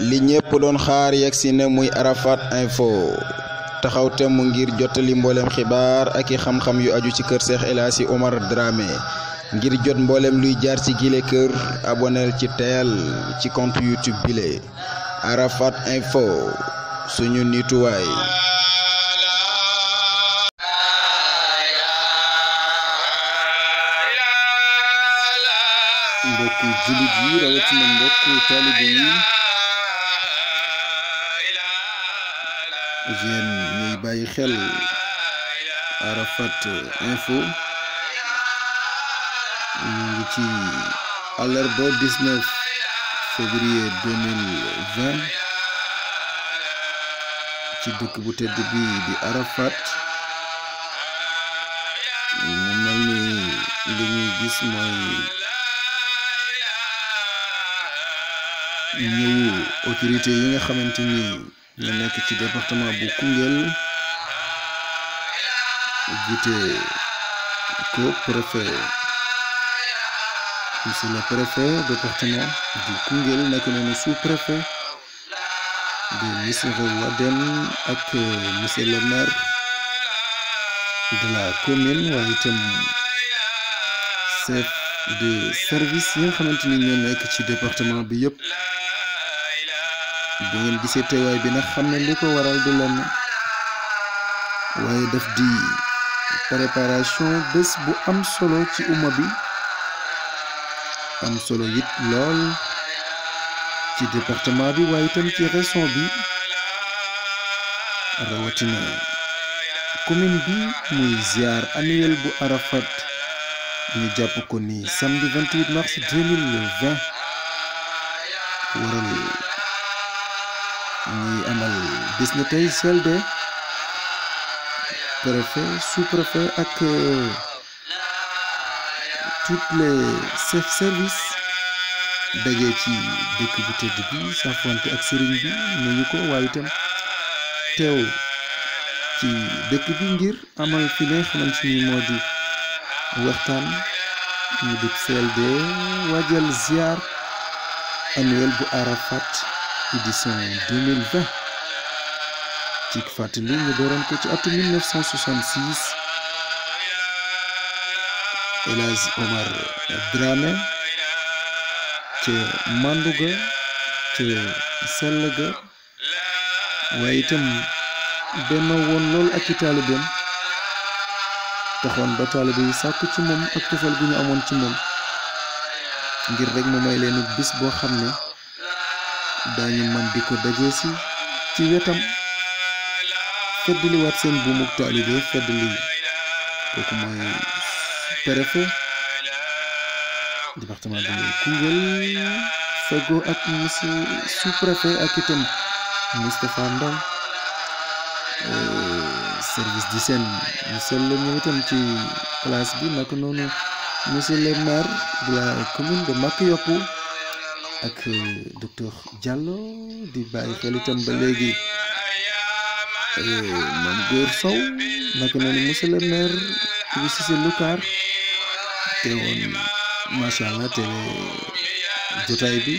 li ñepp doon xaar yegsi muy Arafat info taxaw temm ngir jotali mbollem xibaar ak xam-xam yu aju ci kër cheikh elassi Omar Dramé ngir jot mbollem luy jaar ci gile kër aboneel ci tel ci compte YouTube bile Arafat info suñu nituwaay. mbokku juli yi rawatina mbokku taalibe yi. yéen ñuy bàyyi xel Arafat info ñu ngi ci àllarba 19 février 2020 ci dëkk bu tedd bi di Arafat mu mel li ñuy gis mooy ñëwu autorité yi nga xamante ni la nekk ci département bu Koungheul jiite ko préfet monsieur le préfet département du Koungheul nekk noonu sous-préfet de Missirah Wadène ak euh, monsieur le maire de la commune waaye itam chef de service yi nga xamante ñoo nekk ci département bi yépp bu ngeen teewaay bi nag xam ne li ko waral du lenn waaye daf di préparation bés bu am solo ci umma bi am solo it lool ci département bi waaye itam ci région bi rawatina commune bi muy ziar annuel bu Arafat ñu jàpp ko ni samedi 28 mars waral bis na tey CLD préfet sous-préfet ak euh, toutes service dajee ci dëkk bu tëdd bi safonte ak sëriñ bi nuyu ko waaye teew ci dëkk bi ngir amal fi ne xamante ni moo di waxtaan ñu di CLD waajal ziar annuel bu Arafat édition 2020 ci fàttali ñu dooroon ci atum 1966 El Hadj Omar Dramé ca màndu ga ca sell ga waaye itam benn woon lool ak i taalibeem taxoon ba taalibe yi sàkku ci moom ak tofal gu ñu amoon ci moom ngir rek mu may leen bis boo xam ne daañu man di ko dajee si ci wetam feddliwaat seen buumuk taalibe feddli kooku mooy préfet département bi Koungheul fego ak monsieur sous préfet ak euh, service d'hygiène monsieur la moom itam ci place bi naka noonu monsieur le maire de la commune de Makayopp ak euh, docteur Diallo di bàyyi xel itam ba léegi Mamgour Sow naka noonu monsieur le maire bi si si Lukaar te woon macha allah te jotaay bi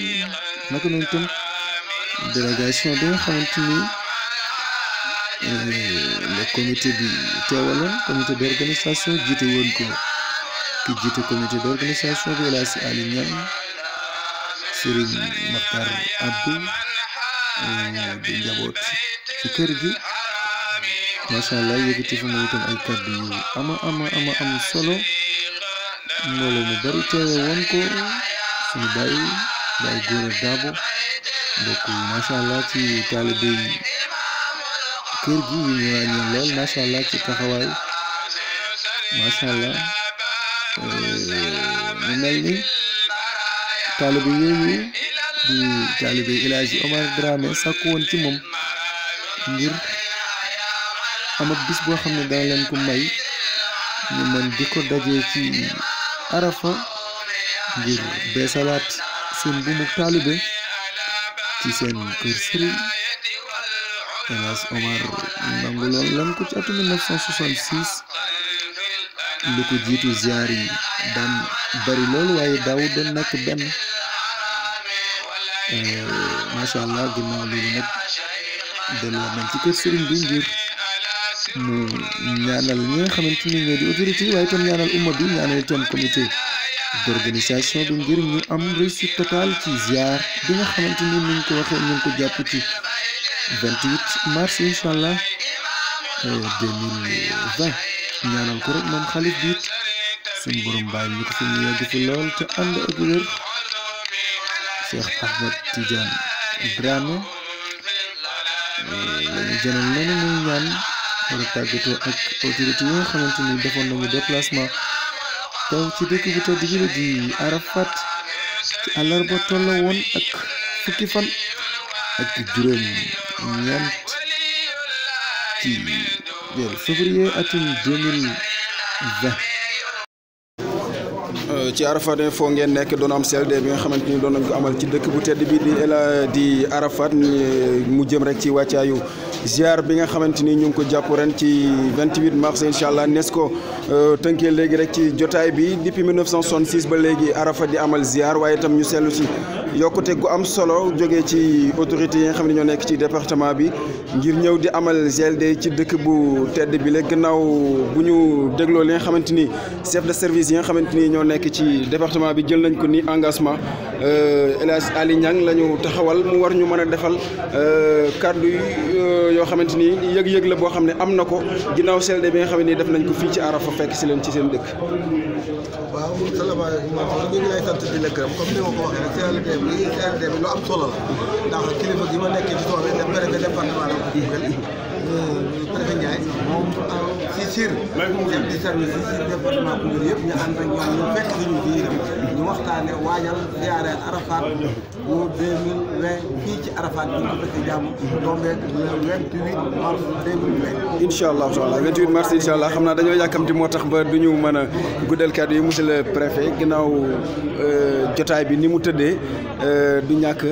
naka noonu tam délégation bi nga xamante ni le comité bi teewaloon comité d' organisation jiite woon ko ki jiite comité d' organisation bi laa si Ali Niang Serigne Makhtar Abdou di eh, njaboot ci kër gi. macha allah yëkkati fa moom itam ay kàddu yu ama ama ama am solo mbooloo mu bari teewe woon ko suñu bàyyi bàyyi góor a daabo mbokk allah ci taalibe yi kër gi yi ñu ràññee lool macha allah ci taxawaay macha allah eh, mu mel ni taalibe yooyu di taalibe El Omar Dramé sàkku woon ci moom ngir. am ak bis boo xam ne dana leen ko may ñu mën di ko dajee ci arafa ngir beesalaat seen buumu taalibe ci seen kër sëriñ El Omar lu ko jiitu ziar yi daan bari lool waaye daaw doon nekk benn euh, macha allah ginnaaw loolu nag delloo nañ ci kër sëriñ bi ngir. mu ñaanal ñi nga ni ñoo di autorité waaye itam ñaanal umma bi ñaanal itam comité d'organisation bi ngir ñu am réussite totale ci ziar bi nga xamante ni ñu ko waxee ñu ko jàpp ci 28 mars incha allah 2020 ñaanal ko rek moom xalif bi it suñu borom ko fi ñu yàgg fi lool te ànd ak wér Cheikh Ahmed Tidiane Dramé eh, la ñu muy ñaan. mën a tàggatoo yi nga ni defoon nañu déplacement taw ci dëkk bu tedd bi la woon ak fukki ak juróom ñeent ci weeru février atum euh, ngeen nekk doon am CLD bi nga xamante ni doon nañ amal ci dëkk bu tedd bi di di Arafat mu jëm rek ci wàccaayu ziar bi nga xamante ni ñu ngi ko jàpp ren ci 28 mars incha allah nees ko euh, tënkee léegi rek ci jotaay bi depuis 1966 ba léegi Arafat di amal ziar waaye itam ñu seetlu si yokkute gu am solo jóge ci autorités yi nga xam ne ñoo nekk ci département bi ngir ñëw di amal GLD ci dëkk bu tedd bi la gannaaw bu ñu dégloo li nga xamante ni chef de service yi nga xamante ni ñoo nekk ci département bi jël nañ ko ni engagement euh, El Hadj Ali Niang la ñu taxawal mu war ñu mën a defal euh, kàddu yi euh, yoo xamante ni yëg-yëg la boo xam ne am na ko ginnaaw GLD bi nga xam ne def nañ ko fii ci Arafa fekk si leen ci seen dëkk. waaw salaamaaleykum man ñu ngi lay sant di la gërëm comme ni ma ko waxee rek CRD bi CRD bi lu am solo la ndax kilifa gi ma nekkee ci tool bi ne préfet département la Koungheul préfet Ndiaye moom si sir chef service yi si département Koungheul yëpp ñu ànd ak ñoom ñu fekk ñu waxtaane waajal ziyaare Arafat pour deux mille fii ci Arafat ñu ko fekk jàmm tombé le vingt huit mars deux allah taala mars incha allah xam naa dañoo yàkkamti moo tax ba du ñu mën a guddal kàddu yi monsieur le ginnaaw euh, jotaay bi ni mu tëddee euh, du ñàkk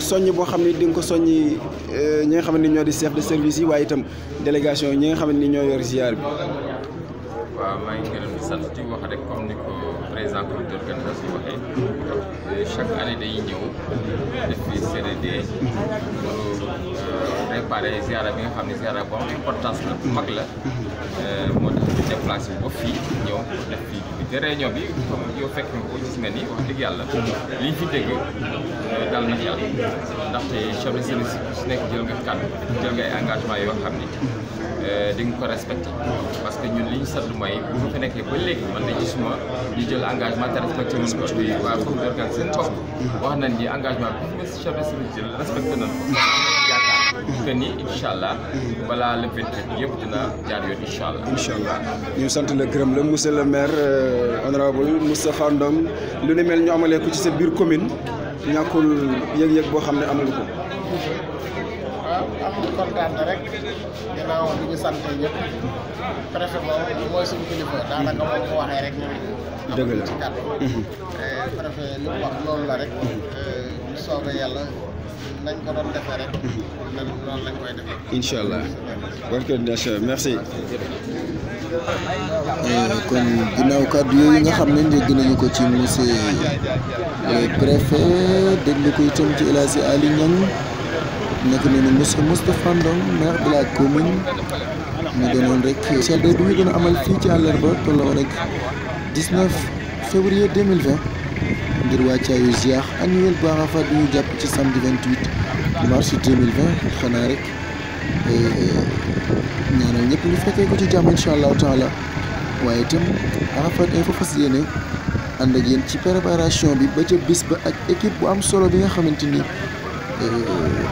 soññ boo xam ne di nga ko soññi euh, ñi nga xam ne ñoo di chef de service yi waaye itam délégation yi ñi nga xam ne ñoo yor ziar bi. waaw maa ngi gërëm di sant di wax rek comme ni ko président comité d'organisation waxee euh, chaque année dañuy ñëw def fi CDD mm-hmm. pour euh, préparer ziara bi nga xam ne ziara bu importance la mag la mm-hmm. moo tax ñu déplacé ba fii ñëw def fii te réunion bi comme yow fekk nga ko gis nga ni wax dëgg yàlla liñ fi dégg euh, dal na xel ndaxte chef de service su nekk jël nga kàddu jël nga engagement yoo xam ni euh, di nga ko respecté parce que ñun li ñu seetlu mooy bu ñu fi nekkee ba léegi man de gisuma ñu jël engagement te respecté wuñ ko waaye seen bopp wax nañ ni engagement bi chef de service jël respecté nañ ko que ni incha allah. balaa le vingt-sept dina jaar yoon incha allah. ñu sant la gërëm la monsieur maire euh, honorable Moustapha Ndom lu ne mel ñu amalee ko ci sa biir commune ñàkkul yëg-yëg boo xam ne amul ko. waaw ah, am kontaan ñu sant ñëpp préfet moom mooy suñu kilifa daanaka moom mu waxee rek ñu. la nañ ko doon defee allah bonne continuation merci. Euh, kon ginnaaw kàddu yooyu nga xam ne dégg nañu ko ci monsieur euh, préfet dégg na ko itam ci El Hadj Ali Niang nekk nañu monsieur Moustapha Ndong maire de la commune mu doonoon rek. CRD bi ñu doon amal fii ci àllarba tolloo rek 19 ngir wàccaayu ziar annuel Barafa bi ñu jàpp ci samedi 28 mars 2020 xanaa rek euh, euh, ñaanal ñëpp ñu fekkee ko ci jàmm incha allahu taala waaye itam Arafat info fas yéene ànd ak yéen ci préparation bi ba ca bis ba ak équipe bu am solo bi nga xamante ni euh,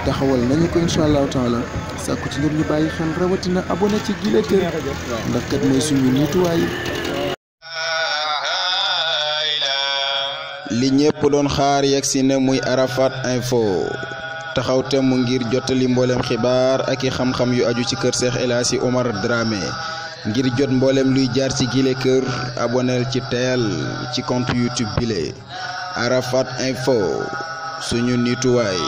taxawal nañu ko incha allahu taala sàkku ci ñëpp ñu bàyyi xel rawatina abonné ci gile kër ndax kat mooy suñu niituwaay. li ñépp doon xaar yegsi ne muy Arafat info taxaw temm ngir jottali mboolem xibaar ak i xam-xam yu aju ci kër Seex El Hadji Omar Dramé ngir jot mboolem luy jaar ci gile kër aboneel ci teel ci compte YouTube bile Arafat info suñu nituwaay.